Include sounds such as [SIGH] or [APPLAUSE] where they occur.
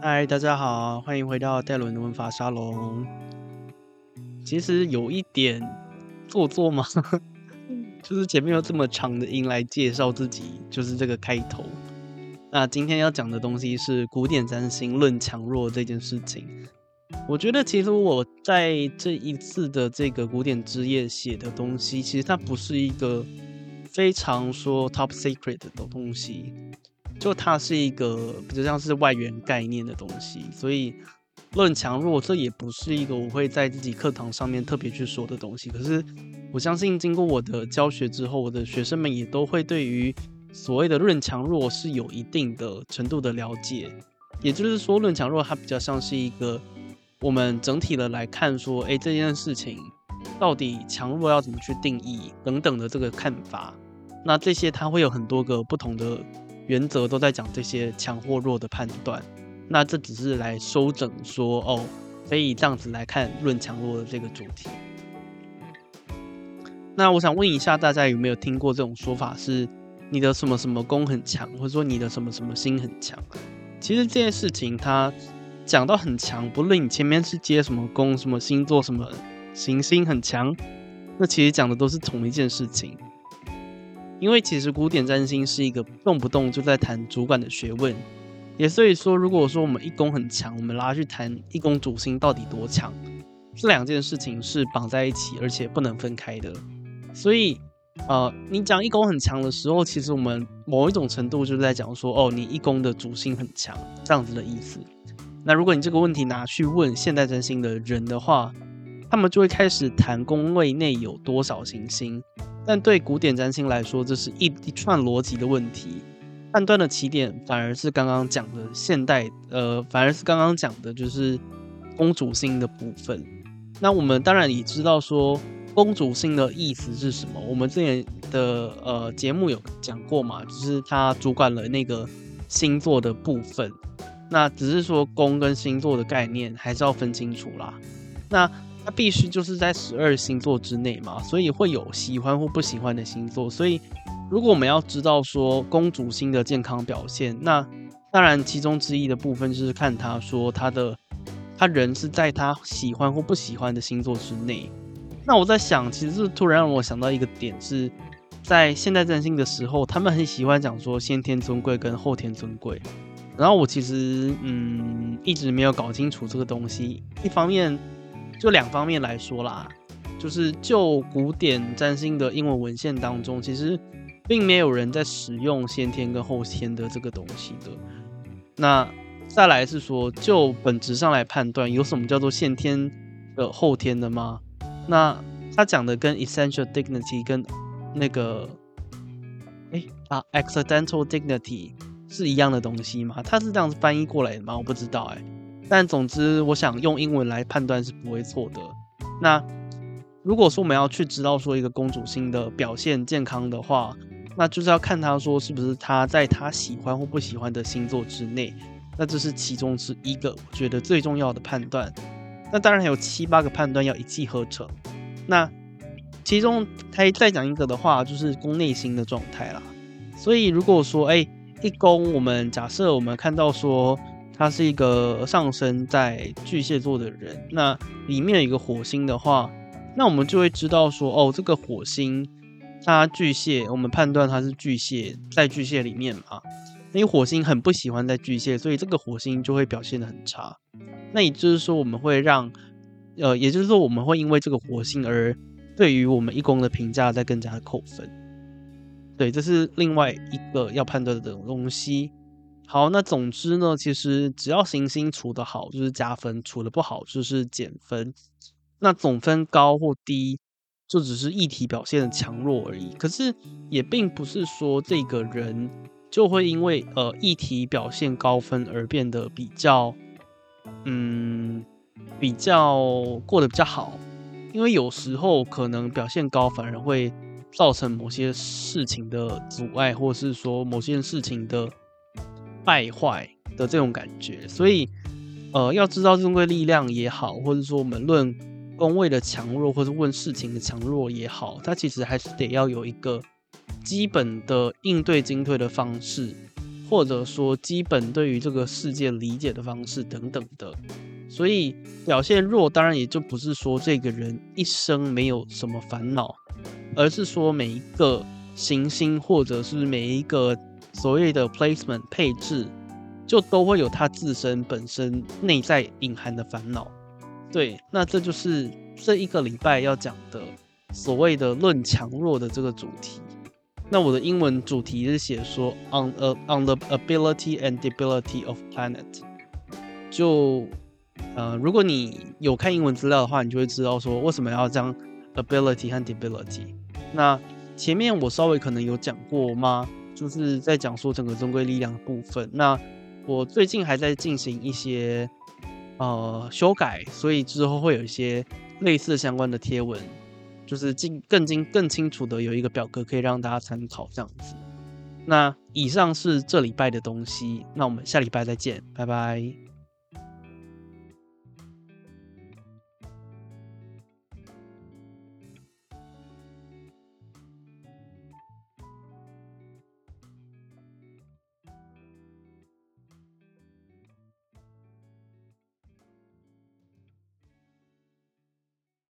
嗨，大家好，歡迎回到戴倫的文法沙龍。其實有一點做作嘛， [LAUGHS] 就是前面有這麼長的音來介紹自己，就是這個開頭。那今天要講的東西是古典占星論強弱這件事情。我覺得其實我在這一次的這個古典之夜寫的東西，其實它不是一個非常說 top secret 的東西。就它是一個，比較像是外援概念的東西，所以論強弱，這也不是一個我會在自己課堂上面特別去說的東西。可是我相信，經過我的教學之後，我的學生們也都會對於所謂的論強弱是有一定的程度的了解。也就是說，論強弱它比較像是一個我們整體的來看說，誒，這件事情到底強弱要怎麼去定義等等的這個看法。那這些它會有很多個不同的。原則都在講這些強或弱的判斷，那這只是來收整說哦，可以，以這樣子來看論強弱的這個主題。那我想問一下大家有沒有聽過這種說法是，是你的什麼什麼宮很強，或者說你的什麼什麼星很強？其實這件事情它講到很強，不論你前面是接什麼宮、什麼星座、什麼行星很強，那其實講的都是同一件事情。因為其實古典占星是一個動不動就在談主管的學問，也所以說，如果說我們一宮很強，我們拿去談一宮主星到底多強，這兩件事情是綁在一起，而且不能分開的。所以，呃，你講一宮很強的時候，其實我們某一種程度就是在講說，哦，你一宮的主星很強，這樣子的意思。那如果你這個問題拿去問現代占星的人的話，他們就會開始談宮位內有多少行星，但對古典占星來說，這是一一串邏輯的問題。判斷的起點反而是剛剛講的現代，呃，反而是剛剛講的，就是宮主星的部分。那我們當然也知道說宮主星的意思是什麼？我們之前的呃節目有講過嘛，就是它主管了那個星座的部分。那只是說宮跟星座的概念還是要分清楚啦。那。他必須就是在十二星座之內嘛，所以會有喜歡或不喜歡的星座。所以，如果我們要知道說宮主星的健康表現，那當然其中之一的部分就是看他說他的他人是在他喜歡或不喜歡的星座之內。那我在想，其實是突然讓我想到一個點，是在現代占星的時候，他們很喜歡講說先天尊貴跟後天尊貴。然後我其實嗯一直沒有搞清楚這個東西，一方面。就兩方面來說啦，就是就古典占星的英文文獻當中，其實並沒有人在使用先天跟後天的這個東西的。那再來是說，就本質上來判斷，有什麼叫做先天的、後天的嗎？那他講的跟 essential dignity、跟那個哎啊 accidental dignity 是一樣的東西嗎？他是這樣子翻譯過來的嗎？我不知道哎。但總之，我想用英文來判斷是不會錯的。那如果說我們要去知道說一個宮主星的表現健康的話，那就是要看他說是不是他在他喜歡或不喜歡的星座之內。那這是其中之一個我覺得最重要的判斷。那當然還有七八個判斷要一氣呵成。那其中他再講一個的話，就是宮內星的狀態啦。所以如果說哎、欸，一宮我們假設我們看到說。他是一個上升在巨蟹座的人，那裡面有一個火星的話，那我們就會知道說，哦，這個火星它巨蟹，我們判斷它是巨蟹，在巨蟹裡面嘛，那因為火星很不喜歡在巨蟹，所以這個火星就會表現得很差。那也就是說，我們會讓，呃，也就是說，我們會因為這個火星而對於我們一宮的評價再更加的扣分。對，這是另外一個要判斷的東西。好，那總之呢，其實只要行星處得好，就是加分；處得不好，就是減分。那總分高或低，就只是議題表現的強弱而已。可是也並不是說，這個人就會因為呃議題表現高分而變得比較，嗯，比較過得比較好。因為有時候可能表現高，反而會造成某些事情的阻礙，或是說某些事情的。敗壞的這種感覺，所以，呃，要知道這個力量也好，或者說我們論宮位的強弱，或者問事情的強弱也好，它其實還是得要有一個基本的應對進退的方式，或者說基本對於這個世界理解的方式等等的。所以表現弱，當然也就不是說這個人一生沒有什麼煩惱，而是說每一個行星或者是每一個。所謂的 placement 配置，就都會有它自身本身內在隱含的煩惱。對，那這就是這一個禮拜要講的所謂的論強弱的這個主題。那我的英文主題是寫說 on a、uh, on the ability and debility of planet 就。就呃，如果你有看英文資料的話，你就會知道說為什麼要這樣 ability 和 debility。那前面我稍微可能有講過嗎？就是在講述整個尊貴力量的部分。那我最近還在進行一些呃修改，所以之後會有一些類似相關的貼文，就是更更更清楚的有一個表格可以讓大家參考這樣子。那以上是這禮拜的東西，那我們下禮拜再見，拜拜。